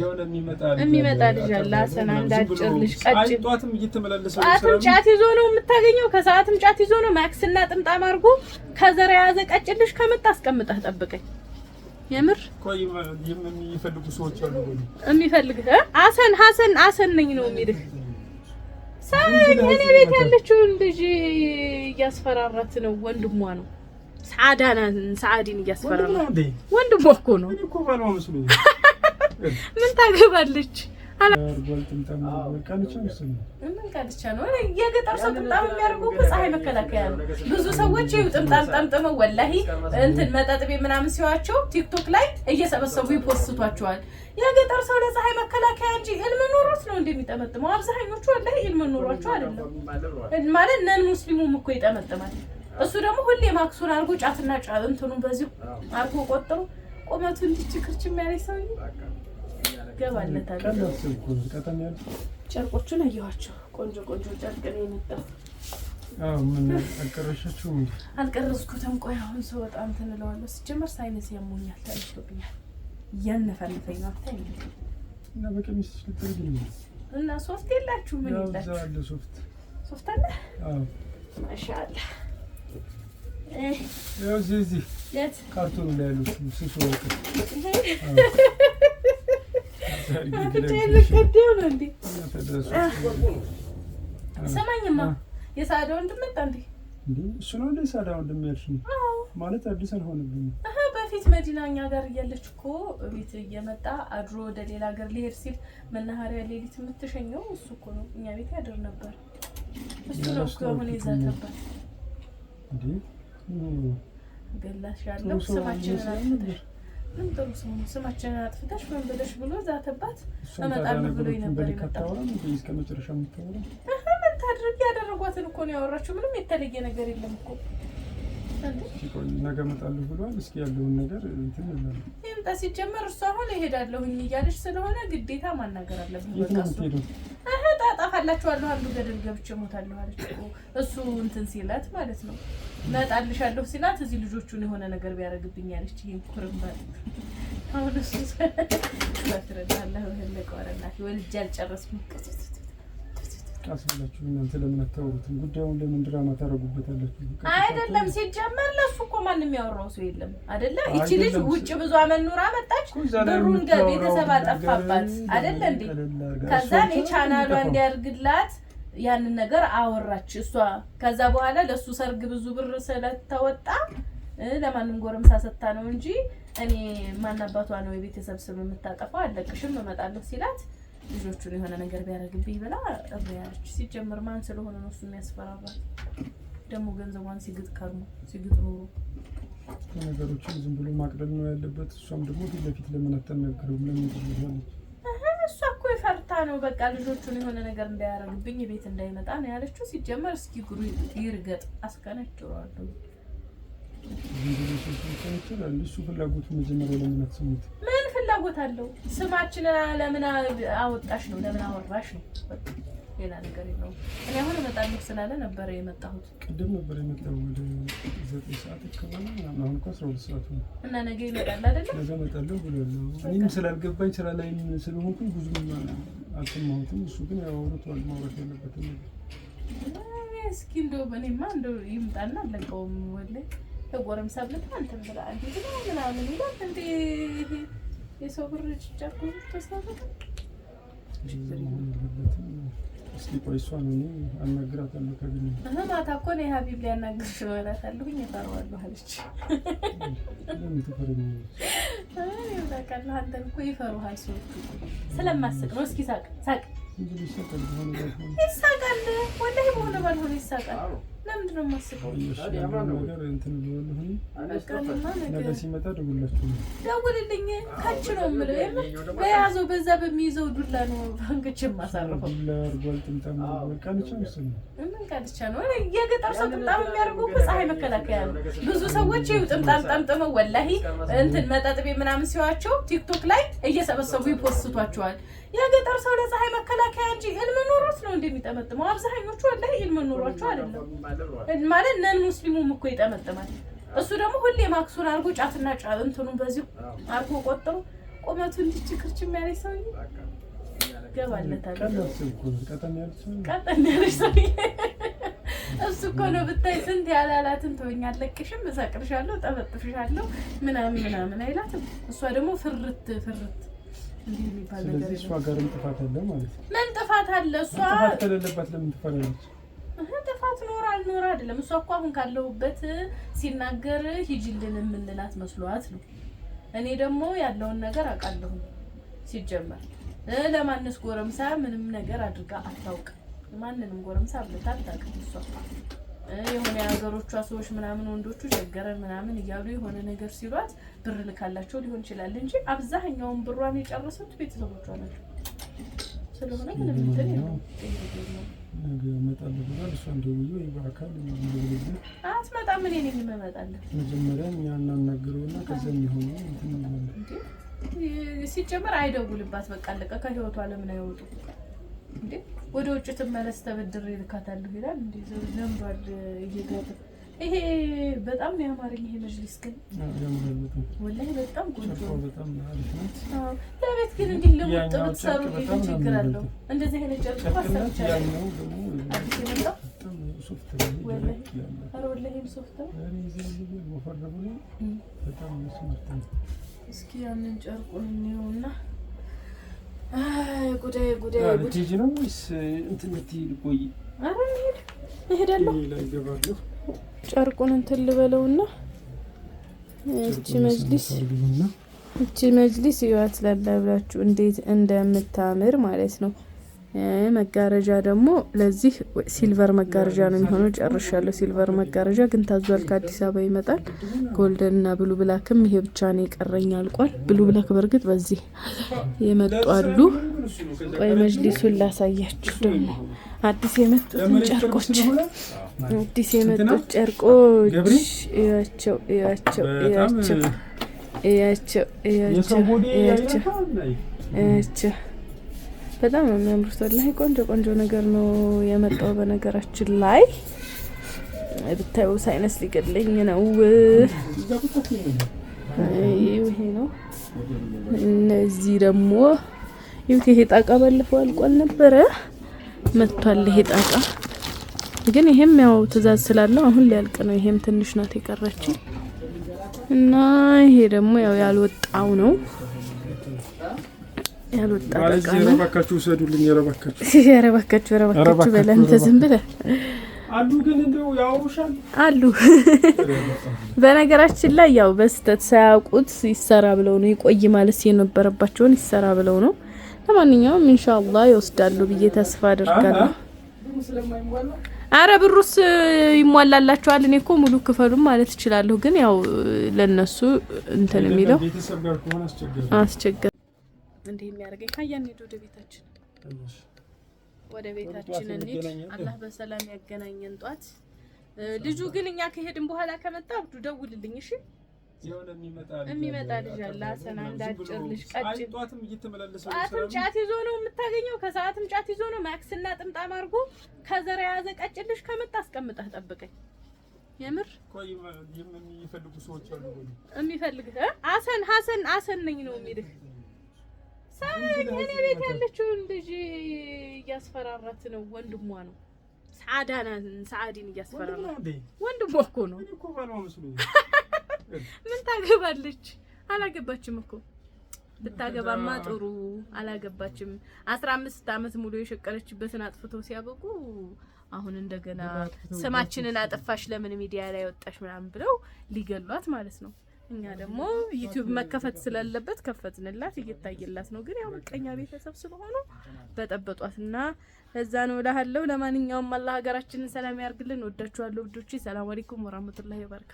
የሆነ የሚመጣ ልጅ አለ አሰና እንዳጭር ልጅ ቀጭን፣ ጠዋትም ጫት ይዞ ነው የምታገኘው፣ ከሰዓትም ጫት ይዞ ነው። ማክስና ጥምጣም አድርጎ ከዘር የያዘ ቀጭን ልጅ ከመጣ አስቀምጠህ ጠብቀኝ። የምር የሚፈልጉ ሰዎች አሉ። የሚፈልግህ አሰን ሀሰን አሰን ነኝ ነው የሚልህ ሰው። እኔ ቤት ያለችውን ልጅ እያስፈራራት ነው፣ ወንድሟ ነው ሰዓዳና ሰዓዲን እያስፈራራት ወንድሟ እኮ ነው። ምን ታገባለች? ቀልቻ የገጠር ሰው ጥምጣም የሚያደርገው ፀሐይ መከላከያ ነው። ብዙ ሰዎች ይኸው ጥምጣም ጠምጥመው ወላሂ እንትን ምናምን ሲዋቸው ቲክቶክ ላይ እየሰበሰቡ ይፖስቷቸዋል። የገጠር ሰው ለፀሐይ መከላከያ እንጂ እልም ኖሮት ነው እንደሚጠመጥመው። አብዛኞቹ ወላሂ እልም ኖሯቸው አይደለም ማለት ነን። ሙስሊሙም እኮ ይጠመጥማል። እሱ ደግሞ ሁሌ ማክሱን አድርጎ ጫትና በዚሁ አድርጎ ቁመቱ እንዲችክርች የሚያለኝ ይገባለታል። ጨርቆቹን አየኋቸው። ቆንጆ ቆንጆ ጨርቅ ነው የነጠፉት። አልቀረሸችው? አልቀረስኩትም። ቆይ አሁን ሰው በጣም እንትን እለዋለሁ። ሲጀመር ሳይነስ ያሞኛል፣ ተነስቶብኛል፣ እያነፈነፈኝ ነው። እና በቀሚስ እና ሶፍት የላችሁ? ምን የላችሁ? ሶፍት ሶፍት አለ። ማሻአላ ያው እዚህ ካርቶኑ ላይ ያሉት ስሱ ወርቅ እንዴ? ስማኝማ የሳዳ ወንድም መጣ እንዴ? እሱ ነው እንደ ሳዳ ወንድም ያልሽኝ? ማለት አዲስ አልሆንብኝ። በፊት መዲና እኛ ጋር እያለች እኮ ቤት እየመጣ አድሮ ወደ ሌላ ሀገር ሊሄድ ሲል መናኸሪያ ሌሊት የምትሸኘው እሱ እኮ ነው። እኛ ቤት ያድር ነበር። እሱ ነው እኮ አሁን የዛተበት ገላሽ ያለው ስማችንን ምን ጥሩ ሰው ነው። ስማችንን አጥፍተሽ ምን ብለሽ ብሎ ዛተባት። እመጣለሁ ብሎ ነበር ምን ታድርግ? ያደረጓትን እኮ ነው ያወራችው። ምንም የተለየ ነገር የለም እኮ ነገ እመጣለሁ ብሏል። እስኪ ያለውን ነገር ይምጣ። ሲጀመር እሱ አሁን እሄዳለሁኝ እያለች ስለሆነ ግዴታ ማናገር አለብን። ታውቃላችኋለሁ አንዱ ገደል ገብቼ እሞታለሁ አለች እኮ እሱ እንትን ሲላት ማለት ነው። እመጣልሻለሁ ሲላት እዚህ ልጆቹን የሆነ ነገር ቢያደርግብኝ አለች። ይሄን ኩርምባል አሁን እሱ ትረዳለህ ህለቀ ወረናት ወልጅ አልጨረስኩም ቀስ ብላችሁ እናንተ ለምን አታወሩትም? ጉዳዩን ለምን ድራማ ታደርጉበታላችሁ? አይደለም ሲጀመር ለሱ እኮ ማንም ያወራው ሰው የለም። አይደለም እቺ ልጅ ውጭ ብዙ አመት ኑራ መጣች፣ ብሩን ቤተሰብ አጠፋባት። አይደለ እንዴ? ከዛ ቻናሏ እንዲያርግላት ያንን ነገር አወራች እሷ። ከዛ በኋላ ለሱ ሰርግ ብዙ ብር ስለተወጣ ለማንም ጎረምሳ ሰጥታ ነው እንጂ እኔ ማናባቷ ነው የቤተሰብ ስም የምታጠፋው? አለቅሽም እመጣለሁ ሲላት ልጆቹን የሆነ ነገር ቢያደርግብኝ ብላ እሪ ያለች። ሲጀምር ማን ስለሆነ ነው እሱ የሚያስፈራራት? ደግሞ ገንዘቧን ሲግጥ ከርሞ ሲግጥ ኖሮ ነገሮችን ዝም ብሎ ማቅለል ነው ያለበት። እሷም ደግሞ ፊት ለፊት ለምን አትናገረውም? ለምን ትሆናለች? እሷ እኮ የፈርታ ነው በቃ ልጆቹን የሆነ ነገር እንዳያደርግብኝ ቤት እንዳይመጣ ነው ያለችው። ሲጀመር እስኪ እግሩ ይርገጥ፣ አስከነችዋለሁ። ዝም እሱ ፍላጎቱ መጀመሪያ ለምን አትሰሙት? ፍላጎት አለው። ስማችን ለምን አወጣሽ ነው፣ ለምን አወራሽ ነው። ሌላ ነገር የለውም። እኔ አሁን እመጣለሁ ስላለ ነበረ የመጣሁት። ቅድም ነበር የመጣው ወደ ዘጠኝ ሰዓት አካባቢ። አሁን እኮ አስራ ሁለት ሰዓት ነው እና ነገ ይመጣል አይደለ? ነገ እመጣለሁ ብሏል። እኔም ስላልገባኝ ስራ ላይ ስለሆንኩኝ ብዙ አልሰማሁትም። እሱ ግን ያው ማውራት ያለበትን ነገር እስኪ እንደው እኔማ እንደው ይምጣና አለቀውም ወለ ተጎረም ብለህ አንተም ብለህ ምናምን ይላል እንዴ የሰው ብር ጭጫቆ ተሳፈተ። እሷን እኔ አናግራታለሁ። ከግኝ እና ማታ እኮ ነው የሀቢብ ሊያናግርሽ ነው እፈራዋለሁ አለች። አንተን እኮ ይፈሩሃል ሰዎች ስለማስቅ ነው። እስኪ ሳቅ ሳቅ፣ ይሳቃል። በሆነ ባልሆነ ይሳቃል። ለምንድን ነው ነገ ሲመጣ ደውላችሁ ደውልልኝ። ከች ነው የምለው በያዘው በዛ በሚይዘው ዱላ ነው አንገች የማሳርፈው። ምን ቃልቻ ነው የገጠር ሰው ጥምጣም የሚያደርገው ፀሐይ መከላከያ ነው። ብዙ ሰዎች ይኸው ጥምጣም ጠምጥመው ወላሂ እንትን መጠጥ ቤት ምናምን ሲዋቸው ቲክቶክ ላይ እየሰበሰቡ ይፖስቷቸዋል። የገጠር ሰው ለፀሐይ መከላከያ እንጂ እልም ኖሮት ነው እንደሚጠመጥመው አብዛኞቹ ወላሂ እልም ኖሯቸው አይደለም። ማለት ነን ሙስሊሙም እኮ ይጠመጥማል። እሱ ደግሞ ሁሌ ማክሱን አድርጎ ጫትና ጫፍ እንትኑን በዚሁ አድርጎ ቆጥሮ ቁመቱ እንዲች ክርችም ያለች ሰው ገባለታል። ቀጠን ያለች ሰው እሱ እኮ ነው ብታይ፣ ስንት ያላላትን ተወኝ፣ አለቅሽም፣ እሰቅልሻለሁ፣ ጠበጥፍሻለሁ ምናምን ምናምን አይላትም። እሷ ደግሞ ፍርት ፍርት እንዲህ የሚባል ነገር። ስለዚህ እሷ ጋርም ጥፋት አለ ማለት ነው። ምን ጥፋት አለ? እሷ ጥፋት ከሌለባት ለምን ትፈራለች? ኖር አልኖር አይደለም። እሷ እኮ አሁን ካለሁበት ሲናገር ሂጅልን የምንላት መስሏት ነው። እኔ ደግሞ ያለውን ነገር አውቃለሁ። ሲጀመር ለማንስ ጎረምሳ ምንም ነገር አድርጋ አታውቅም። ማንንም ጎረምሳ አብልታ አታውቅም እሷ የሆነ የሀገሮቿ ሰዎች ምናምን ወንዶቹ ቸገረን ምናምን እያሉ የሆነ ነገር ሲሏት ብር ልካላቸው ሊሆን ይችላል እንጂ አብዛኛውን ብሯን የጨረሱት ቤተሰቦቿ ናቸው። ስለሆነ ምንም እንትን የለም። ነገ እመጣለሁ ብሏል። እሷ እንደውዬ ወይ በአካል አትመጣም። እኔ ነኝ የምመጣልህ። መጀመሪያ ከዚያ የሚሆነው እንትን ሲጀመር አይደውልባት። በቃ አለቀ። ከህይወቷ ለምን አይወጡ እንዴ? ወደ ውጭ ትመለስ ተበድሬ ልካታለሁ ይላል። እንዴ ዘንባል እየጋጠ ይሄ በጣም ነው ያማረኝ። ይሄ መጅሊስ ግን ወላሂ በጣም ቆንጆ ለቤት ግን እንዲህ ለውጥ ብትሰሩ ችግር አለው። እንደዚህ አይነት ጨርቅ ማሰርቻለሁ። ነው። እስኪ ያንን ጨርቁን እንየውና ጉዳይ ጉዳይ ጉዳይ ነው ወይስ እንትን ልትሄድ ቆይ፣ ኧረ እንሄድ እሄዳለሁ ጨርቁን እንትን ልበለውና እቺ መጅሊስ እቺ መጅሊስ ይዋት ለብላችሁ እንዴት እንደምታምር ማለት ነው። መጋረጃ ደግሞ ለዚህ ሲልቨር መጋረጃ ነው የሚሆነው። ጨርሻለሁ። ሲልቨር መጋረጃ ግን ታዟል፣ ከአዲስ አበባ ይመጣል። ጎልደን እና ብሉ ብላክም ይሄ ብቻ ነው የቀረኝ፣ አልቋል። ብሉ ብላክ በእርግጥ በዚህ የመጡ አሉ። ቆይ መጅሊሱን ላሳያችሁ ደግሞ አዲስ የመጡትን ጨርቆች አዲስ የመጡት ጨርቆች እያቸው እያቸው እያቸው እያቸው እያቸው እያቸው በጣም ነው የሚያምሩት። ወላሂ ቆንጆ ቆንጆ ነገር ነው የመጣው። በነገራችን ላይ ብታዩ ሳይነስ ሊገድለኝ ነው። ይሄ ነው። እነዚህ ደግሞ ይሁት ይሄ ጣቃ ባለፈው አልቋል ነበረ መጥቷል። ይሄ ጣቃ ግን ይሄም ያው ትእዛዝ ስላለው አሁን ሊያልቅ ነው። ይሄም ትንሽ ናት የቀረችኝ እና ይሄ ደግሞ ያው ያልወጣው ነው ውሰዱልኝ። በለን አሉ ግን እንደው ያወሩሻል አሉ። በነገራችን ላይ ያው በስተት ሳያውቁት ይሰራ ብለው ነው ይቆይ ማለት የነበረባቸውን ይሰራ ብለው ነው። ለማንኛውም ኢንሻአላህ ይወስዳሉ ብዬ ተስፋ አድርጋለሁ። አረ ብሩስ ይሟላላቸዋል። እኔ እኮ ሙሉ ክፈሉም ማለት እችላለሁ፣ ግን ያው ለነሱ እንትን የሚለው አስቸገረ እንዲህ የሚያደርገኝ ካያን ሄዶ ወደ ቤታችን ወደ ቤታችን እንሂድ። አላህ በሰላም ያገናኘን። ጧት ልጁ ግን እኛ ከሄድን በኋላ ከመጣ አብዱ ደውልልኝ፣ እሺ? የሚመጣ ልጅ አለ አሰና እንዳጭር ልጅ ጧትም ጫት ይዞ ነው የምታገኘው፣ ከሰዓትም ጫት ይዞ ነው። ማክስና ጥምጣም አድርጎ የያዘ ልጅ ከመጣ አስቀምጠህ ጠብቀኝ። የምር የሚፈልጉ ሰዎች አሉ። ሀሰን ነኝ ነው የሚልህ እኔ ቤት ያለችውን ልጅ እያስፈራራት ነው። ወንድሟ ነው ሰዓዳና ሰዓዲን እያስፈራራት ወንድሟ እኮ ነው። ምን ታገባለች? አላገባችም እኮ ብታገባማ ጥሩ አላገባችም። አስራ አምስት ዓመት ሙሉ የሸቀለችበትን አጥፍቶ ሲያበቁ አሁን እንደገና ስማችንን አጠፋሽ፣ ለምን ሚዲያ ላይ ወጣሽ ምናምን ብለው ሊገሏት ማለት ነው። እኛ ደግሞ ዩቲዩብ መከፈት ስላለበት ከፈትንላት፣ እየታየላት ነው። ግን ያው ምቀኛ ቤተሰብ ስለሆኑ በጠበጧትና እዛ ነው እልሃለሁ። ለማንኛውም አላህ ሀገራችንን ሰላም ያርግልን። ወዳችኋለሁ ውዶቼ። ሰላም አለይኩም ወራህመቱላሂ ወበረካቱ።